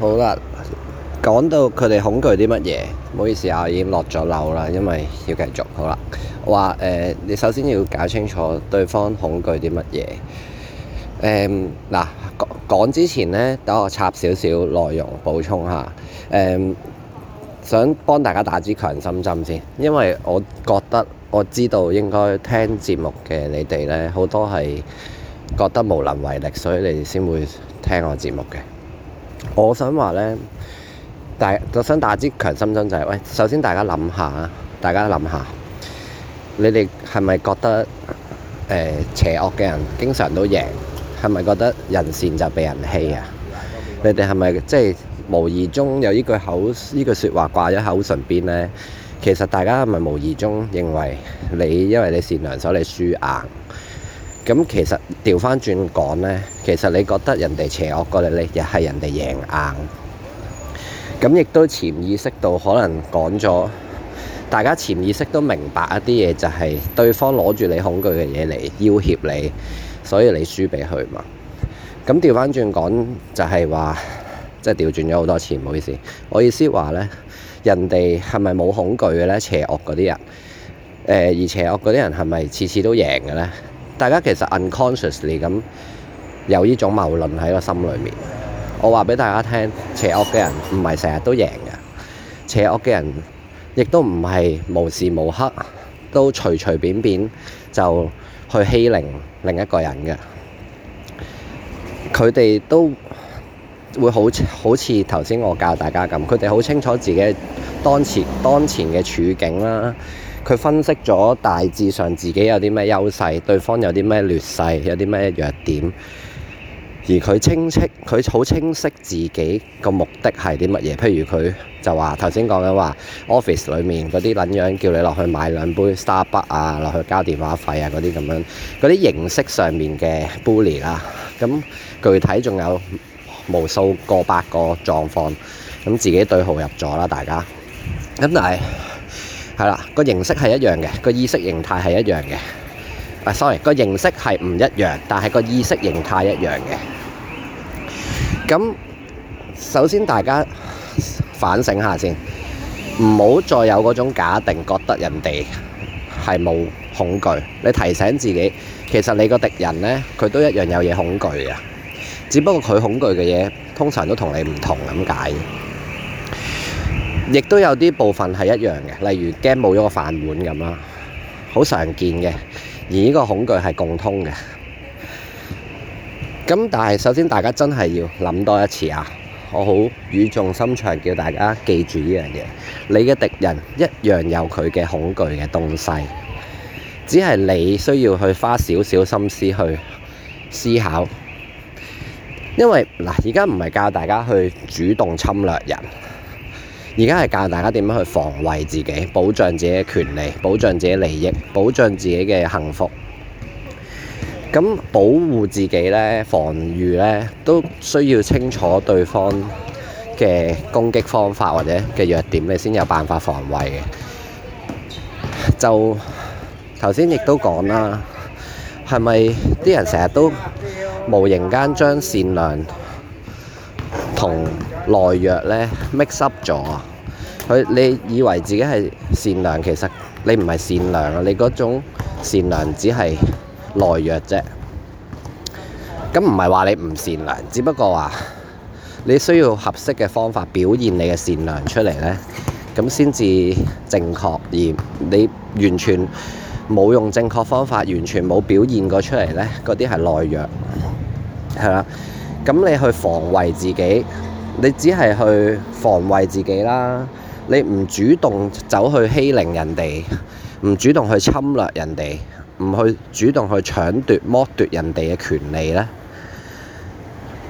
好啦，講到佢哋恐懼啲乜嘢？唔好意思啊，已經落咗樓啦，因為要繼續。好啦，我話誒、呃，你首先要搞清楚對方恐懼啲乜嘢。誒、呃，嗱，講講之前咧，等我插少少內容補充下。誒、呃，想幫大家打支強心針先，因為我覺得我知道應該聽節目嘅你哋咧，好多係覺得無能為力，所以你哋先會聽我節目嘅。我想話呢，大我想打支強心針就係、是，喂，首先大家諗下啊，大家諗下，你哋係咪覺得誒、呃、邪惡嘅人經常都贏？係咪覺得人善就被人欺啊？ 你哋係咪即係無意中有呢句口呢句說話掛咗口唇邊呢？其實大家係咪無意中認為你因為你善良所以你輸硬？咁其實調返轉講呢，其實你覺得人哋邪惡過你，你又係人哋贏硬。咁亦都潛意識到，可能講咗，大家潛意識都明白一啲嘢，就係對方攞住你恐懼嘅嘢嚟要挾你，所以你輸俾佢嘛。咁調返轉講就係話，即係調轉咗好多次，唔好意思。我意思話呢，人哋係咪冇恐懼嘅呢？邪惡嗰啲人，呃，而邪惡嗰啲人係咪次次都贏嘅呢？大家其實 unconsciously 咁有呢種謬論喺個心裏面。我話俾大家聽，邪惡嘅人唔係成日都贏嘅，邪惡嘅人亦都唔係無時無刻都隨隨便便就去欺凌另一個人嘅。佢哋都會好好似頭先我教大家咁，佢哋好清楚自己當前當前嘅處境啦。佢分析咗大致上自己有啲咩優勢，對方有啲咩劣勢，有啲咩弱點。而佢清晰，佢好清晰自己個目的係啲乜嘢。譬如佢就話頭先講緊話 office 裏面嗰啲撚樣叫你落去買兩杯 Starbucks 啊，落去交電話費啊嗰啲咁樣，嗰啲形式上面嘅 bully 啦、啊。咁具體仲有無數過百個狀況。咁自己對號入座啦，大家。咁但係。係啦，個形式係一樣嘅，個意識形態係一樣嘅。唔係，sorry，個形式係唔一樣，但係個意識形態一樣嘅。咁首先大家反省下先，唔好再有嗰種假定，覺得人哋係冇恐懼。你提醒自己，其實你個敵人呢，佢都一樣有嘢恐懼嘅，只不過佢恐懼嘅嘢通常都同你唔同咁解。亦都有啲部分係一樣嘅，例如驚冇咗個飯碗咁啦，好常見嘅。而呢個恐懼係共通嘅。咁 但係首先，大家真係要諗多一次啊！我好語重心長叫大家記住呢樣嘢：你嘅敵人一樣有佢嘅恐懼嘅東西，只係你需要去花少少心思去思考。因為嗱，而家唔係教大家去主動侵略人。而家係教大家點樣去防衞自己，保障自己嘅權利，保障自己利益，保障自己嘅幸福。咁保護自己呢，防禦呢，都需要清楚對方嘅攻擊方法或者嘅弱點，你先有辦法防衞嘅。就頭先亦都講啦，係咪啲人成日都無形間將善良同懦弱呢 mix up 咗，佢你以為自己係善良，其實你唔係善良啊！你嗰種善良只係懦弱啫。咁唔係話你唔善良，只不過話你需要合適嘅方法表現你嘅善良出嚟呢。咁先至正確。而你完全冇用正確方法，完全冇表現過出嚟呢。嗰啲係懦弱，係啦。咁你去防衞自己，你只係去防衞自己啦。你唔主動走去欺凌人哋，唔主動去侵略人哋，唔去主動去搶奪、剝奪人哋嘅權利咧，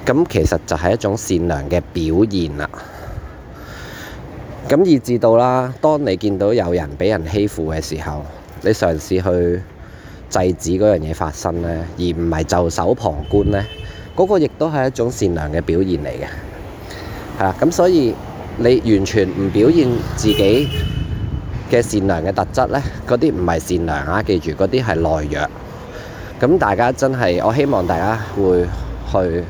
咁其實就係一種善良嘅表現啦。咁以至到啦，當你見到有人畀人欺負嘅時候，你嘗試去制止嗰樣嘢發生呢，而唔係袖手旁觀呢。嗰個亦都係一種善良嘅表現嚟嘅，係啦，咁所以你完全唔表現自己嘅善良嘅特質呢，嗰啲唔係善良啊！記住嗰啲係懦弱。咁大家真係，我希望大家會去，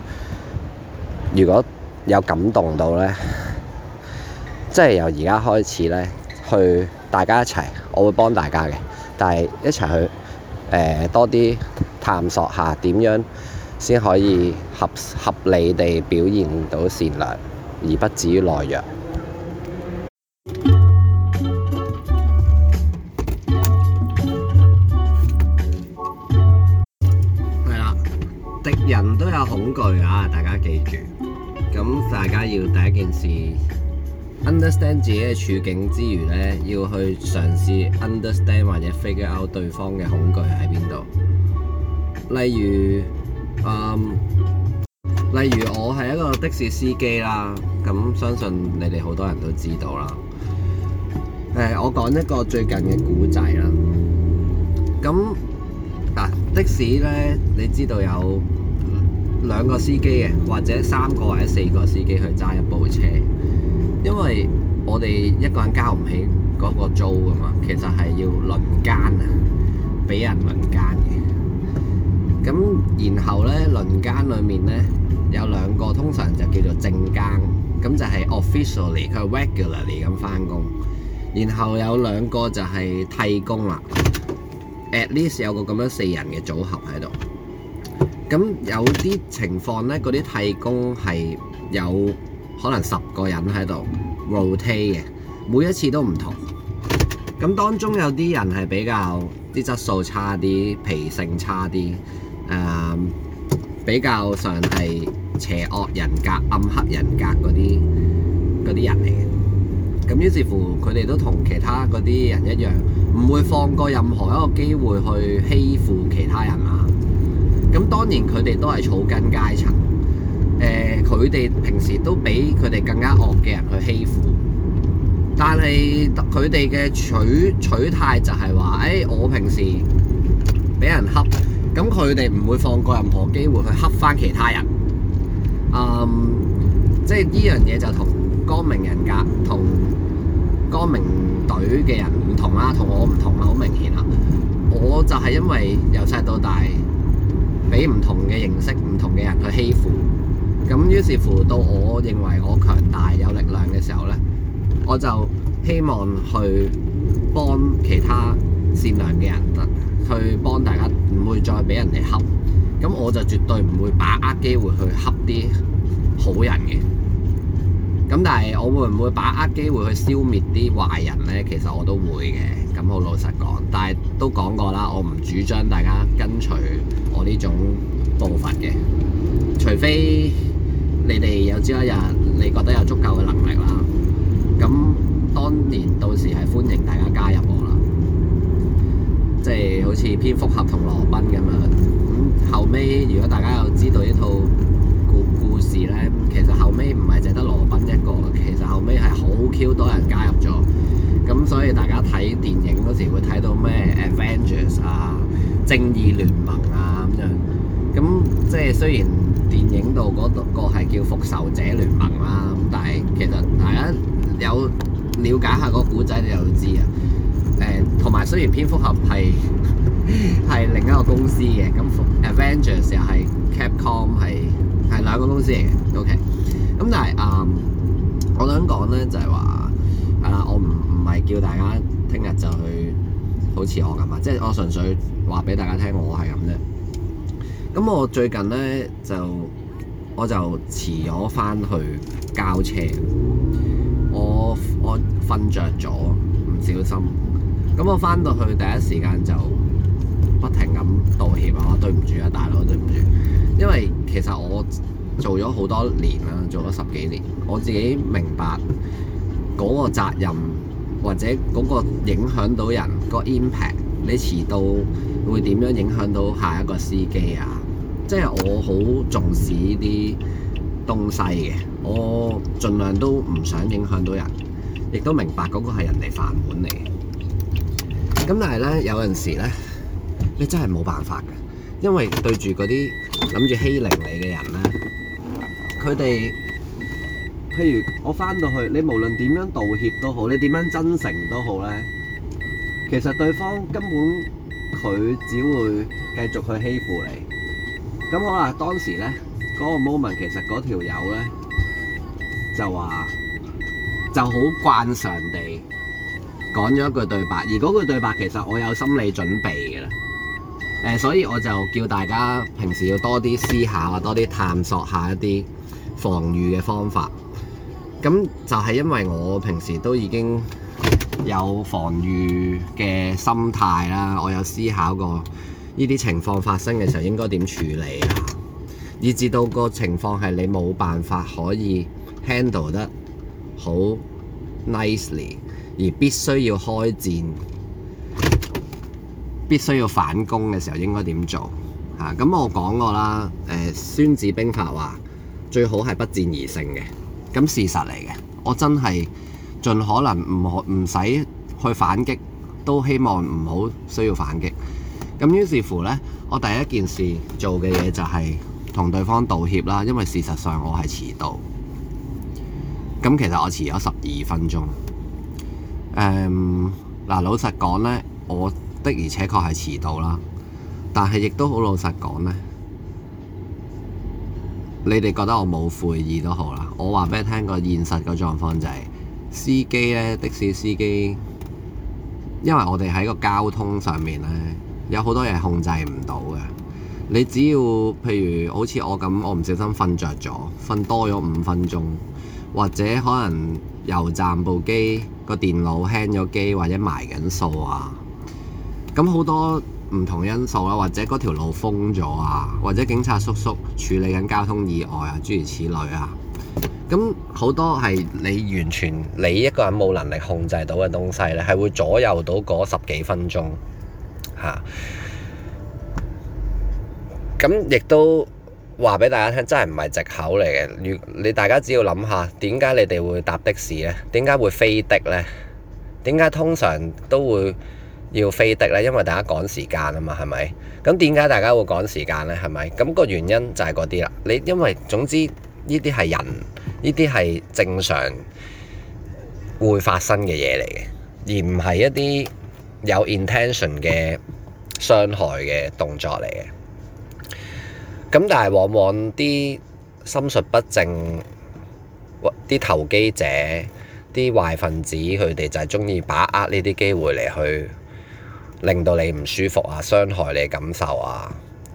如果有感動到呢，即係由而家開始呢，去大家一齊，我會幫大家嘅，但係一齊去、呃、多啲探索下點樣。先可以合合理地表現到善良，而不至於懦弱。係啊，敵人都有恐懼啊！大家記住，咁大家要第一件事 understand 自己嘅處境之餘呢，要去嘗試 understand 或者 figure out 對方嘅恐懼喺邊度，例如。例如我係一個的士司機啦，咁相信你哋好多人都知道啦。我講一個最近嘅古仔啦。咁嗱、啊，的士呢，你知道有兩個司機嘅，或者三個或者四個司機去揸一部車，因為我哋一個人交唔起嗰個租噶嘛，其實係要輪奸啊，俾人輪奸。咁然後呢，輪間裏面呢，有兩個，通常就叫做正間，咁就係 officially 佢係 regularly 咁翻工。然後有兩個就係替工啦，at least 有個咁樣四人嘅組合喺度。咁有啲情況呢，嗰啲替工係有可能十個人喺度 rotate 嘅，每一次都唔同。咁當中有啲人係比較啲質素差啲，脾性差啲。誒，比較上係邪惡人格、暗黑人格嗰啲，啲人嚟嘅。咁於是乎，佢哋都同其他嗰啲人一樣，唔會放過任何一個機會去欺負其他人啊。咁當然佢哋都係草根階層。誒、呃，佢哋平時都比佢哋更加惡嘅人去欺負，但係佢哋嘅取取態就係話，誒，我平時俾人恰。咁佢哋唔會放過任何機會去黑返其他人，嗯，即係呢樣嘢就同光明人格、同光明隊嘅人唔同啦，我同我唔同啦，好明顯啦。我就係因為由細到大俾唔同嘅形式、唔同嘅人去欺負，咁於是乎到我認為我強大有力量嘅時候呢，我就希望去幫其他善良嘅人得。去幫大家，唔會再俾人哋恰。咁我就絕對唔會把握機會去恰啲好人嘅。咁但係，我會唔會把握機會去消滅啲壞人咧？其實我都會嘅。咁好老實講，但係都講過啦，我唔主張大家跟隨我呢種步伐嘅。除非你哋有朝一日你覺得有足夠嘅能力啦，咁當年到時係歡迎大家加入我。即係好似蝙蝠俠同羅賓咁樣。咁後尾如果大家有知道呢套故故事咧，其實後尾唔係淨得羅賓一個，其實後尾係好 Q 多人加入咗。咁所以大家睇電影嗰時會睇到咩《Avengers》啊、《正義聯盟》啊咁樣。咁即係雖然電影度嗰個係叫《復仇者聯盟》啦，咁但係其實大家有了解下個故仔，你就會知啊。誒同埋雖然蝙蝠俠係係 另一個公司嘅，咁 Avengers 又係 Capcom 係係兩個公司嚟嘅，OK。咁但係誒、嗯，我想講咧就係話，係啦，我唔唔係叫大家聽日就去好似我咁啊，即係我純粹話俾大家聽，我係咁啫。咁我最近咧就我就遲咗翻去交車，我我瞓着咗，唔小心。咁我翻到去第一時間就不停咁道歉啊，對唔住啊，大佬對唔住，因為其實我做咗好多年啦，做咗十幾年，我自己明白嗰個責任或者嗰個影響到人個 impact，你遲到會點樣影響到下一個司機啊？即係我好重視呢啲東西嘅，我盡量都唔想影響到人，亦都明白嗰個係人哋飯碗嚟。咁但係咧，有陣時咧，你真係冇辦法㗎，因為對住嗰啲諗住欺凌你嘅人咧，佢哋，譬如我翻到去，你無論點樣道歉都好，你點樣真誠都好咧，其實對方根本佢只會繼續去欺負你。咁我話當時咧，嗰個 moment 其實嗰條友咧就話就好慣常地。講咗一句對白，而嗰句對白其實我有心理準備嘅啦。所以我就叫大家平時要多啲思考，多啲探索下一啲防御嘅方法。咁就係因為我平時都已經有防御嘅心態啦，我有思考過呢啲情況發生嘅時候應該點處理啊，以至到個情況係你冇辦法可以 handle 得好 nicely。而必須要開戰，必須要反攻嘅時候，應該點做嚇？咁、嗯、我講過啦，誒，孫子兵法話最好係不戰而勝嘅，咁、嗯、事實嚟嘅。我真係盡可能唔唔使去反擊，都希望唔好需要反擊。咁、嗯、於是乎呢，我第一件事做嘅嘢就係同對方道歉啦，因為事實上我係遲到，咁、嗯、其實我遲咗十二分鐘。誒，嗱，um, 老實講呢，我的而且確係遲到啦，但係亦都好老實講呢，你哋覺得我冇悔意都好啦。我話俾你聽個現實嘅狀況就係，司機呢，的士司機，因為我哋喺個交通上面呢，有好多嘢控制唔到嘅。你只要譬如好似我咁，我唔小心瞓着咗，瞓多咗五分鐘，或者可能。油站部機個電腦 hang 咗機，或者埋緊數啊，咁好多唔同因素啊，或者嗰條路封咗啊，或者警察叔叔處理緊交通意外啊，諸如此類啊。咁好多係你完全你一個人冇能力控制到嘅東西咧，係會左右到嗰十幾分鐘嚇。咁亦都，話俾大家聽，真係唔係藉口嚟嘅。如你大家只要諗下，點解你哋會搭的士呢？點解會飛的呢？點解通常都會要飛的呢？因為大家趕時間啊嘛，係咪？咁點解大家會趕時間呢？係咪？咁個原因就係嗰啲啦。你因為總之呢啲係人，呢啲係正常會發生嘅嘢嚟嘅，而唔係一啲有 intention 嘅傷害嘅動作嚟嘅。咁但係往往啲心術不正，啲投機者、啲壞分子，佢哋就係鍾意把握呢啲機會嚟去令到你唔舒服啊，傷害你嘅感受啊，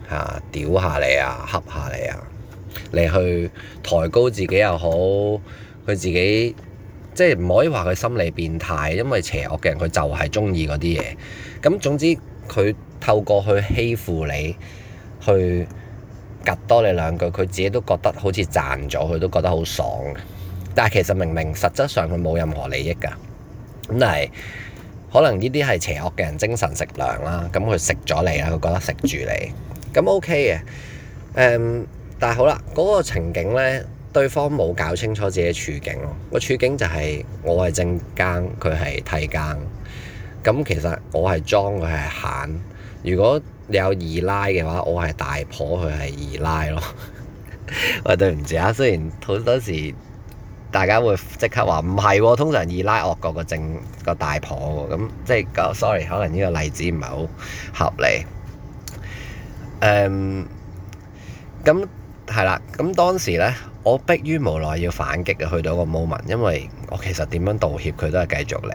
嚇屌下你啊，恰下你啊，嚟去抬高自己又好，佢自己即係唔可以話佢心理變態，因為邪惡嘅人佢就係鍾意嗰啲嘢。咁總之佢透過去欺負你，去，夾多你兩句，佢自己都覺得好似賺咗，佢都覺得好爽，但係其實明明實質上佢冇任何利益㗎。咁但係可能呢啲係邪惡嘅人精神食糧啦。咁佢食咗你啦，佢覺得食住你，咁 OK 嘅、嗯。但係好啦，嗰、那個情景呢，對方冇搞清楚自己嘅處境咯。個處境就係、是、我係正更，佢係替更。咁其實我係莊，佢係閒。如果你有二奶嘅話，我係大婆，佢係二奶咯。 喂，對唔住啊，雖然好多時大家會即刻話唔係，通常二奶惡過個正個大婆喎。咁即係個，sorry，可能呢個例子唔係好合理。誒、嗯，咁係啦。咁當時咧，我迫於無奈要反擊去到個 moment，因為我其實點樣道歉佢都係繼續嚟。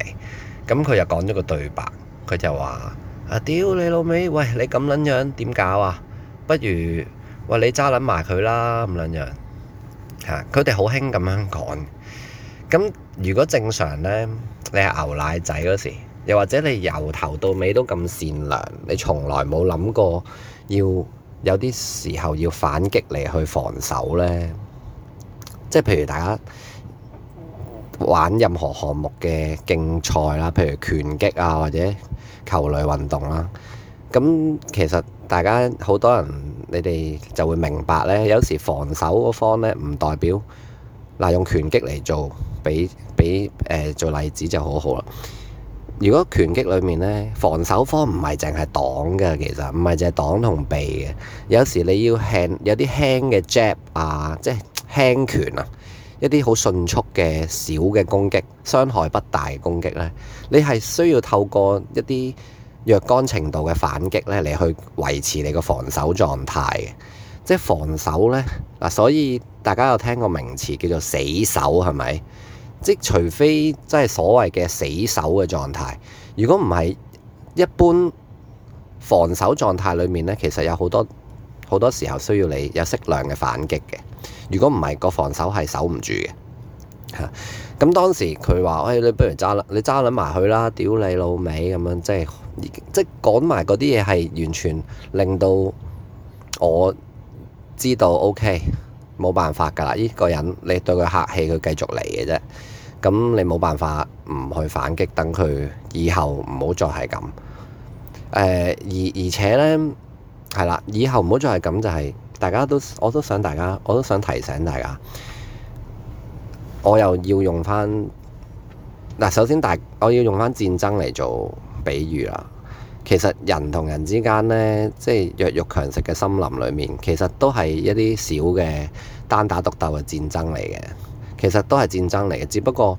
咁佢又講咗個對白，佢就話。啊屌你老味，喂你咁撚樣點搞啊？不如喂你揸撚埋佢啦咁撚樣嚇！佢哋好興咁樣講。咁如果正常呢，你係牛奶仔嗰時，又或者你由頭到尾都咁善良，你從來冇諗過要有啲時候要反擊你去防守呢？即係譬如大家。玩任何項目嘅競賽啦，譬如拳擊啊或者球類運動啦，咁其實大家好多人，你哋就會明白呢。有時防守嗰方呢，唔代表嗱，用拳擊嚟做，畀畀誒、呃、做例子就好好啦。如果拳擊裡面呢，防守方唔係淨係擋嘅，其實唔係淨係擋同避嘅，有時你要輕有啲輕嘅 jab 啊，即係輕拳啊。一啲好迅速嘅小嘅攻擊，傷害不大嘅攻擊呢，你係需要透過一啲若干程度嘅反擊呢，你去維持你個防守狀態嘅，即係防守呢，嗱，所以大家有聽過名詞叫做死守係咪？即除非即係所謂嘅死守嘅狀態，如果唔係一般防守狀態裏面呢，其實有好多好多時候需要你有適量嘅反擊嘅。如果唔係個防守係守唔住嘅咁，啊、當時佢話，喂、哎，你不如揸，你揸捻埋去啦，屌你老尾咁樣，即係，即係講埋嗰啲嘢，係完，完全令到我知道，OK，冇辦法噶啦，呢，這個人你對佢客氣，佢繼續嚟嘅啫，咁你冇辦法唔去反擊，等佢以後唔好再係咁。誒、啊，而而且咧，係啦，以後唔好再係咁，就係，是。大家都我都想大家，我都想提醒大家，我又要用翻嗱。首先大，大我要用翻戰爭嚟做比喻啦。其實人同人之間咧，即係弱肉強食嘅森林裏面，其實都係一啲小嘅單打獨鬥嘅戰爭嚟嘅。其實都係戰爭嚟嘅，只不過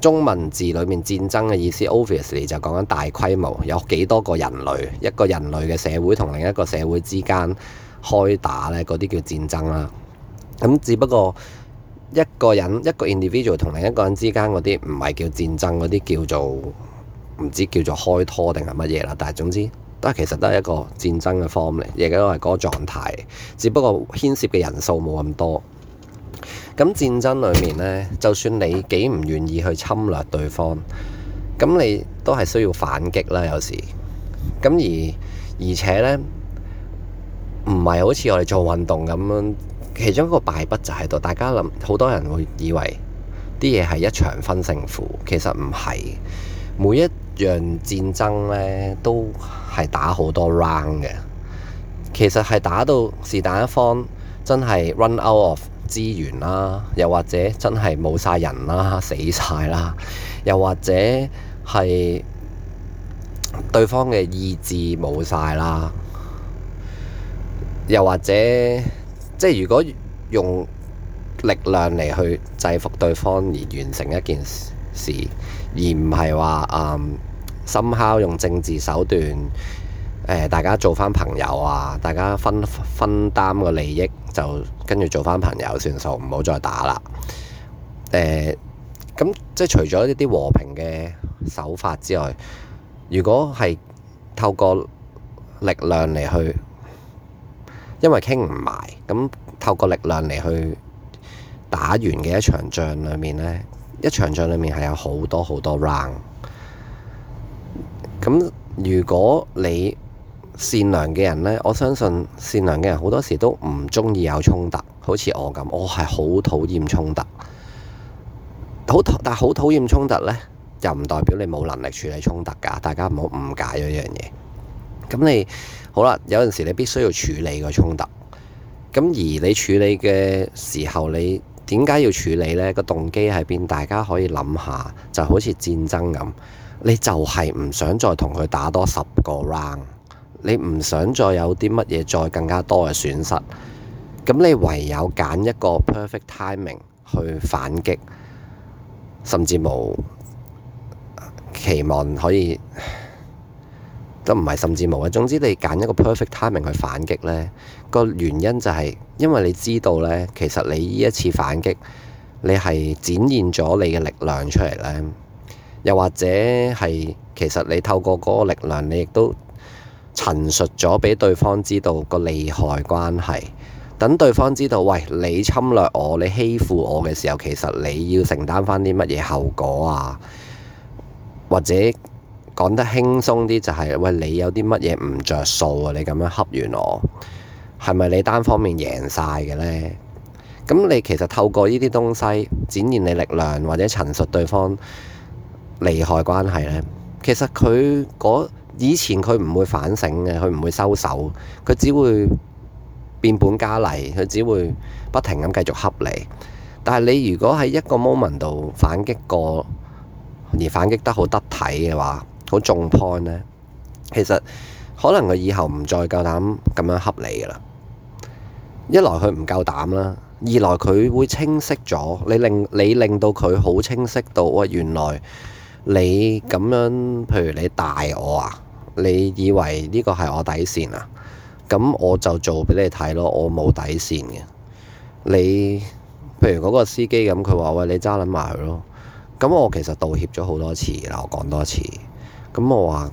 中文字裏面戰爭嘅意思，obviously 就講緊大規模有幾多個人類，一個人類嘅社會同另一個社會之間。開打咧，嗰啲叫戰爭啦。咁只不過一個人一個 individual 同另一個人之間嗰啲唔係叫戰爭，嗰啲叫做唔知叫做開拖定係乜嘢啦。但係總之都係其實都係一個戰爭嘅 form 嚟，亦都係嗰個狀態。只不過牽涉嘅人數冇咁多。咁戰爭裡面呢，就算你幾唔願意去侵略對方，咁你都係需要反擊啦。有時咁而而且呢。唔係好似我哋做運動咁樣，其中一個敗筆就喺度。大家諗，好多人會以為啲嘢係一場分勝負，其實唔係。每一樣戰爭呢都係打好多 round 嘅。其實係打到是但一方真係 run out of 資源啦，又或者真係冇晒人啦，死晒啦，又或者係對方嘅意志冇晒啦。又或者，即係如果用力量嚟去制服對方而完成一件事，而唔係話誒深敲用政治手段誒、呃，大家做返朋友啊，大家分分擔個利益，就跟住做返朋友算數，唔好再打啦。誒、呃，咁即係除咗一啲和平嘅手法之外，如果係透過力量嚟去。因為傾唔埋，咁透過力量嚟去打完嘅一場仗裏面呢，一場仗裏面係有好多好多 round。咁如果你善良嘅人呢，我相信善良嘅人好多時都唔中意有衝突，好似我咁，我係好討厭衝突。好討，但係好討厭衝突呢，又唔代表你冇能力處理衝突㗎。大家唔好誤解咗一樣嘢。咁你？好啦，有陣時你必須要處理個衝突，咁而你處理嘅時候，你點解要處理呢？個動機係邊？大家可以諗下，就好似戰爭咁，你就係唔想再同佢打多十個 round，你唔想再有啲乜嘢再更加多嘅損失，咁你唯有揀一個 perfect timing 去反擊，甚至冇期望可以。都唔係，甚至冇啊！總之你揀一個 perfect timing 去反擊咧，個原因就係因為你知道咧，其實你呢一次反擊，你係展現咗你嘅力量出嚟咧，又或者係其實你透過嗰個力量，你亦都陳述咗俾對方知道個利害關係，等對方知道，喂，你侵略我，你欺負我嘅時候，其實你要承擔翻啲乜嘢後果啊？或者？講得輕鬆啲就係喂，你有啲乜嘢唔着數啊？你咁樣恰完我，係咪你單方面贏晒嘅呢？咁你其實透過呢啲東西展現你力量，或者陳述對方利害關係呢。其實佢嗰以前佢唔會反省嘅，佢唔會收手，佢只會變本加厲，佢只會不停咁繼續恰你。但係你如果喺一個 moment 度反擊過而反擊得好得體嘅話，好重 point 呢，其實可能佢以後唔再夠膽咁樣恰你噶啦。一來佢唔夠膽啦，二來佢會清晰咗。你令你令到佢好清晰到，喂，原來你咁樣，譬如你大我啊，你以為呢個係我底線啊？咁我就做俾你睇咯，我冇底線嘅。你譬如嗰個司機咁，佢話喂，你揸撚埋佢咯，咁我其實道歉咗好多次啦，我講多次。咁我話，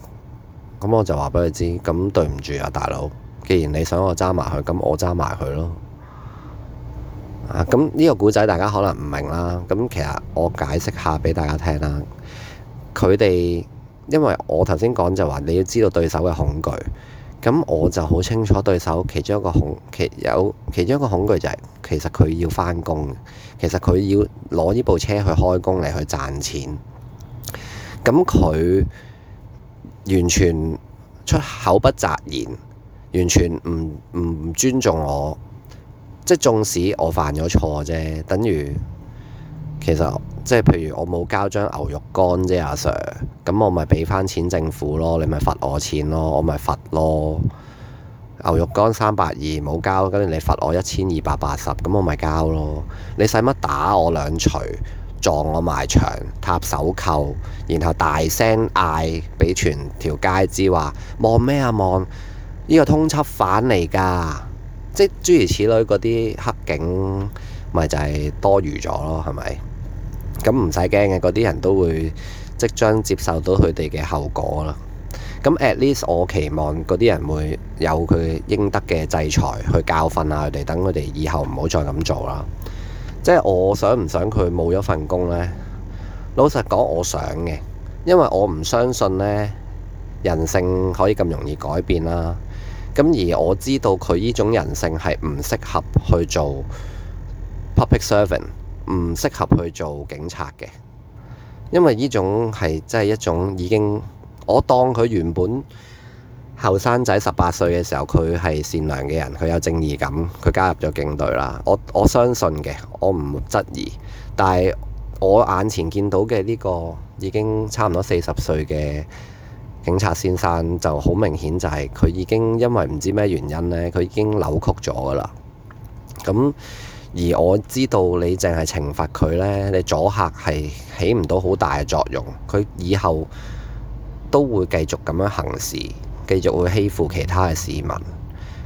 咁我就話俾佢知，咁對唔住啊，大佬，既然你想我揸埋佢，咁我揸埋佢咯。啊，咁呢個古仔大家可能唔明啦。咁、啊、其實我解釋下俾大家聽啦。佢哋，因為我頭先講就話你要知道對手嘅恐懼，咁我就好清楚對手其中一個恐，其有其中一個恐懼就係、是，其實佢要返工，其實佢要攞呢部車去開工嚟去賺錢。咁佢。完全出口不擇言，完全唔唔尊重我，即係縱使我犯咗錯啫，等於其實即係譬如我冇交張牛肉乾啫，阿 Sir，咁我咪俾返錢政府咯，你咪罰我錢咯，我咪罰咯。牛肉乾三百二冇交，跟住你罰我一千二百八十，咁我咪交咯。你使乜打我兩錘？撞我埋牆，踏手扣，然後大聲嗌俾全條街知話，望咩啊望？呢個通緝犯嚟噶，即係諸如此類嗰啲黑警，咪就係多餘咗咯，係咪？咁唔使驚嘅，嗰啲人都會即將接受到佢哋嘅後果啦。咁 at least 我期望嗰啲人會有佢應得嘅制裁，去教訓下佢哋，等佢哋以後唔好再咁做啦。即係我想唔想佢冇咗份工呢？老實講，我想嘅，因為我唔相信呢人性可以咁容易改變啦。咁而我知道佢呢種人性係唔適合去做 public servant，唔適合去做警察嘅，因為呢種係即係一種已經我當佢原本。後生仔十八歲嘅時候，佢係善良嘅人，佢有正義感，佢加入咗警隊啦。我我相信嘅，我唔質疑。但係我眼前見到嘅呢個已經差唔多四十歲嘅警察先生，就好明顯就係佢已經因為唔知咩原因呢，佢已經扭曲咗噶啦。咁而我知道你淨係懲罰佢呢，你阻嚇係起唔到好大嘅作用。佢以後都會繼續咁樣行事。繼續會欺負其他嘅市民，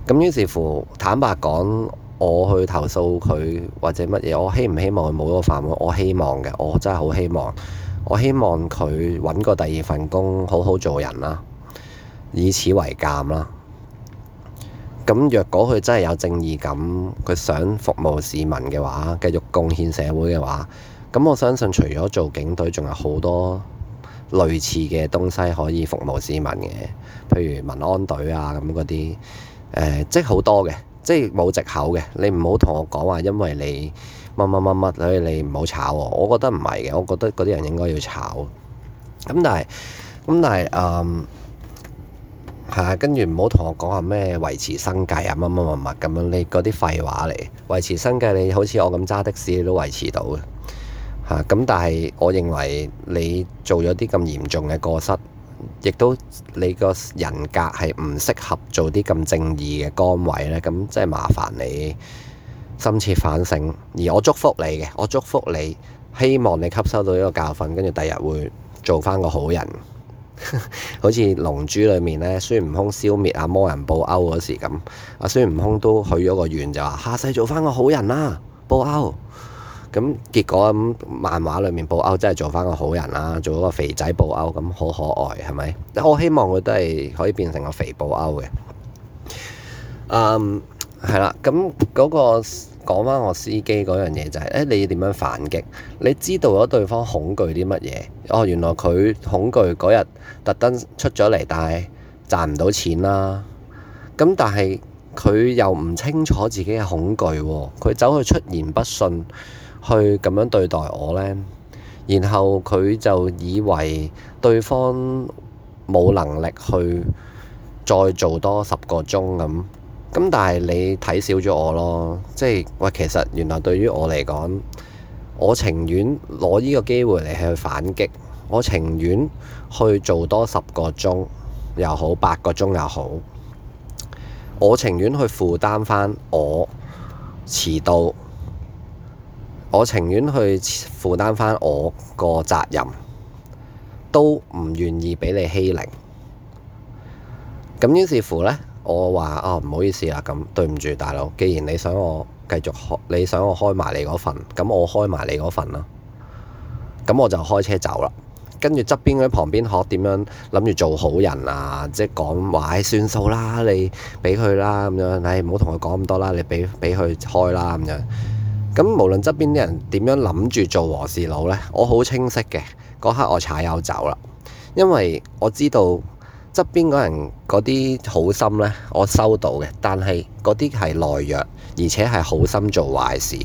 咁於是乎坦白講，我去投訴佢或者乜嘢，我希唔希望佢冇咗飯碗？我希望嘅，我真係好希望，我希望佢搵個第二份工，好好做人啦，以此為鑒啦。咁若果佢真係有正義感，佢想服務市民嘅話，繼續貢獻社會嘅話，咁我相信除咗做警隊，仲有好多。類似嘅東西可以服務市民嘅，譬如民安隊啊咁嗰啲，誒即係好多嘅，即係冇藉口嘅。你唔好同我講話，因為你乜乜乜乜，所以你唔好炒我。我覺得唔係嘅，我覺得嗰啲人應該要炒。咁但係，咁但係，嗯，係啊，跟住唔好同我講話咩維持生計啊，乜乜乜乜咁樣，你嗰啲廢話嚟。維持生計你好似我咁揸的士，你都維持到嘅。啊，咁但係，我認為你做咗啲咁嚴重嘅過失，亦都你個人格係唔適合做啲咁正義嘅崗位咧。咁即係麻煩你深切反省。而我祝福你嘅，我祝福你，希望你吸收到呢個教訓，跟住第日會做翻個好人。 好似《龍珠》裏面咧，孫悟空消滅阿魔人布歐嗰時咁，阿孫悟空都許咗個願，就話下世做翻個好人啦、啊，布歐。咁結果咁漫畫裏面布歐真係做翻個好人啦，做嗰個肥仔布歐咁好可愛，係咪？我希望佢都係可以變成個肥布歐嘅。嗯，係啦。咁嗰、那個講翻我司機嗰樣嘢就係、是，誒你要點樣反擊？你知道咗對方恐懼啲乜嘢？哦，原來佢恐懼嗰日特登出咗嚟，但係賺唔到錢啦。咁但係佢又唔清楚自己嘅恐懼喎，佢走去出言不順，去咁樣對待我呢，然後佢就以為對方冇能力去再做多十個鐘咁。咁但係你睇少咗我咯，即係喂，其實原來對於我嚟講，我情願攞呢個機會嚟去反擊，我情願去做多十個鐘又好，八個鐘又好，我情願去負擔返我遲到。我情願去負擔翻我個責任，都唔願意俾你欺凌。咁於是乎呢，我話：哦，唔好意思啊，咁對唔住大佬，既然你想我繼續開，你想我開埋你嗰份，咁我開埋你嗰份囉。咁我就開車走啦。跟住側邊喺旁邊學點樣諗住做好人啊，即係講話，唉，算數啦，你俾佢啦咁樣，哎，你唔好同佢講咁多啦，你俾俾佢開啦咁樣。咁，無論側邊啲人點樣諗住做和事佬呢，我好清晰嘅嗰刻，我踩油走啦，因為我知道側邊嗰人嗰啲好心呢，我收到嘅，但係嗰啲係懦弱，而且係好心做壞事，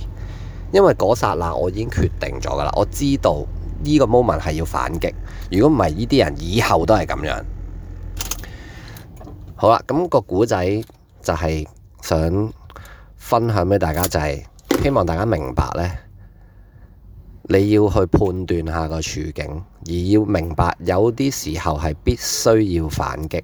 因為嗰剎那我已經決定咗噶啦，我知道呢個 moment 係要反擊，如果唔係呢啲人以後都係咁樣。好啦，咁個古仔就係想分享俾大家就係。希望大家明白呢，你要去判斷下個處境，而要明白有啲時候係必須要反擊。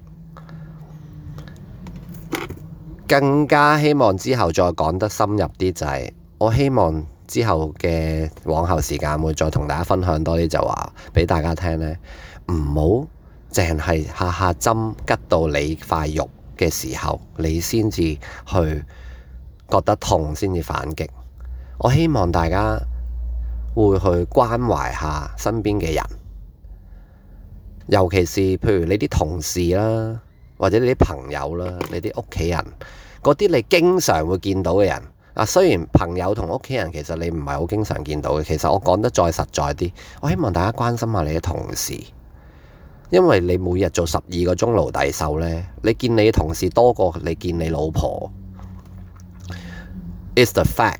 更加希望之後再講得深入啲就係、是，我希望之後嘅往後時間會再同大家分享多啲，就話俾大家聽呢，唔好淨係下下針吉到你塊肉嘅時候，你先至去覺得痛，先至反擊。我希望大家會去關懷下身邊嘅人，尤其是譬如你啲同事啦，或者你啲朋友啦，你啲屋企人嗰啲，你經常會見到嘅人。啊，雖然朋友同屋企人其實你唔係好經常見到嘅，其實我講得再實在啲，我希望大家關心下你嘅同事，因為你每日做十二個鐘奴隸秀咧，你見你嘅同事多過你見你老婆。Is the fact.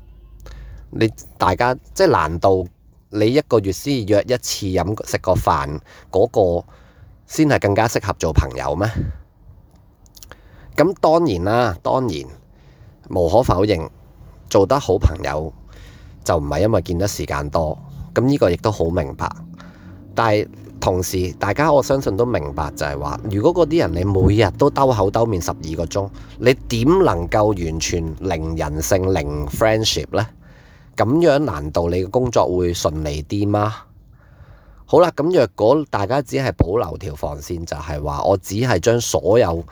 你大家即係，難道你一個月先約一次飲食個飯嗰個先係更加適合做朋友咩？咁當然啦，當然無可否認做得好朋友就唔係因為見得時間多。咁呢個亦都好明白，但係同時大家我相信都明白就係話，如果嗰啲人你每日都兜口兜面十二個鐘，你點能夠完全零人性零 friendship 呢？咁樣難道你嘅工作會順利啲嗎？好啦，咁若果大家只係保留條防線，就係話我只係將所有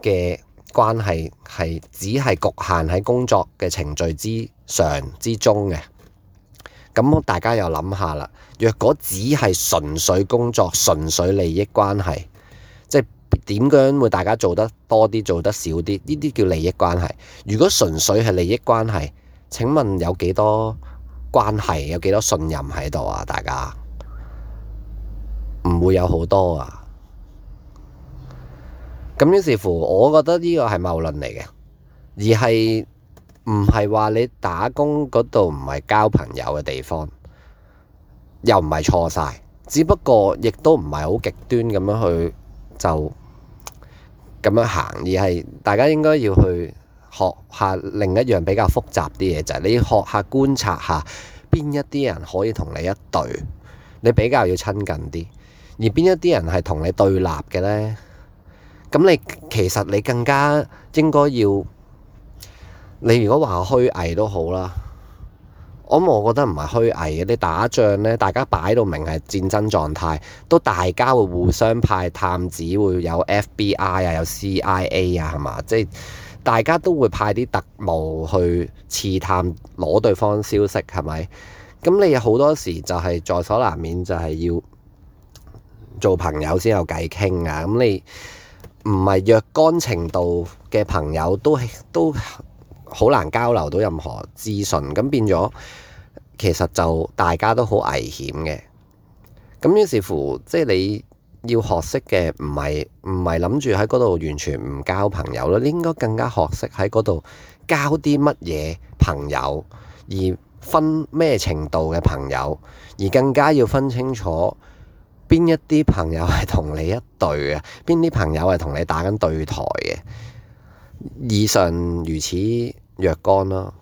嘅關係係只係局限喺工作嘅程序之上之中嘅。咁大家又諗下啦，若果只係純粹工作、純粹利益關係，即係點樣會大家做得多啲、做得少啲？呢啲叫利益關係。如果純粹係利益關係，請問有幾多關係？有幾多信任喺度啊？大家唔會有好多啊。咁於是乎，我覺得呢個係謬論嚟嘅，而係唔係話你打工嗰度唔係交朋友嘅地方，又唔係錯晒，只不過亦都唔係好極端咁樣去就咁樣行，而係大家應該要去。學下另一樣比較複雜啲嘢就係、是、你學下觀察下邊一啲人可以同你一對，你比較要親近啲，而邊一啲人係同你對立嘅呢？咁你其實你更加應該要，你如果話虛偽都好啦，我我覺得唔係虛偽嘅，你打仗呢，大家擺到明係戰爭狀態，都大家會互相派探子，會有 FBI 啊，有 CIA 啊，係嘛，即係。大家都會派啲特務去刺探攞對方消息，係咪？咁你好多時就係在所難免，就係要做朋友先有偈傾啊！咁你唔係若干程度嘅朋友都都好難交流到任何資訊，咁變咗其實就大家都好危險嘅。咁於是乎，即係你。要學識嘅唔係唔係諗住喺嗰度完全唔交朋友咯，你應該更加學識喺嗰度交啲乜嘢朋友，而分咩程度嘅朋友，而更加要分清楚邊一啲朋友係同你一隊啊，邊啲朋友係同你打緊對台嘅。以上如此若干咯。